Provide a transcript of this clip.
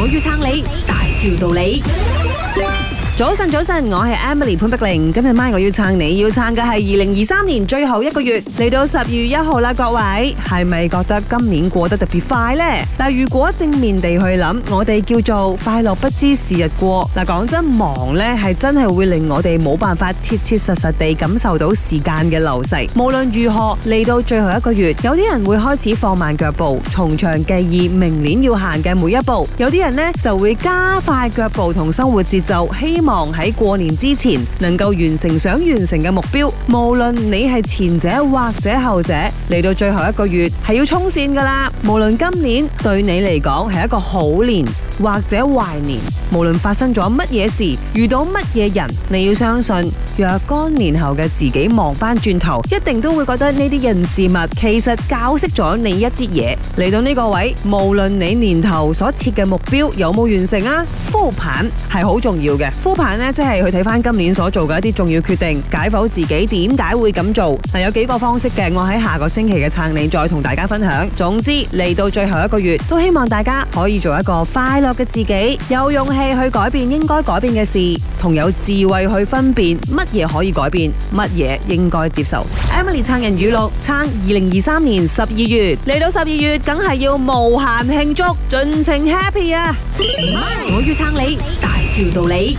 我要撐你，大條道理。早晨，早晨，我係 Emily 潘碧玲。今日晚我要撐你，要撐嘅係二零二三年最後一個月，嚟到十二月一號啦，各位係咪覺得今年過得特別快咧？嗱，如果正面地去諗，我哋叫做快樂不知時日過。嗱，講真，忙咧係真係會令我哋冇辦法切切實實地感受到時間嘅流逝。無論如何，嚟到最後一個月，有啲人會開始放慢腳步，從長計議明年要行嘅每一步；有啲人咧就會加快腳步同生活節奏，希望。望喺過年之前能夠完成想完成嘅目標，無論你係前者或者後者，嚟到最後一個月係要衝線噶啦。無論今年對你嚟講係一個好年，或者懷念，無論發生咗乜嘢事，遇到乜嘢人，你要相信，若干年後嘅自己望翻轉頭，一定都會覺得呢啲人事物其實教識咗你一啲嘢。嚟到呢個位，無論你年頭所設嘅目標有冇完成啊，復盤係好重要嘅。復盤呢，即係去睇翻今年所做嘅一啲重要決定，解剖自己點解會咁做。嗱，有幾個方式嘅，我喺下個星期嘅撐你再同大家分享。總之嚟到最後一個月，都希望大家可以做一個快樂嘅自己，有勇氣去改變應該改變嘅事，同有智慧去分辨，乜嘢可以改變，乜嘢應該接受。Emily 撐人語錄，撐二零二三年十二月，嚟到十二月梗係要無限慶祝，盡情 happy 啊！我要撐你，大條道理。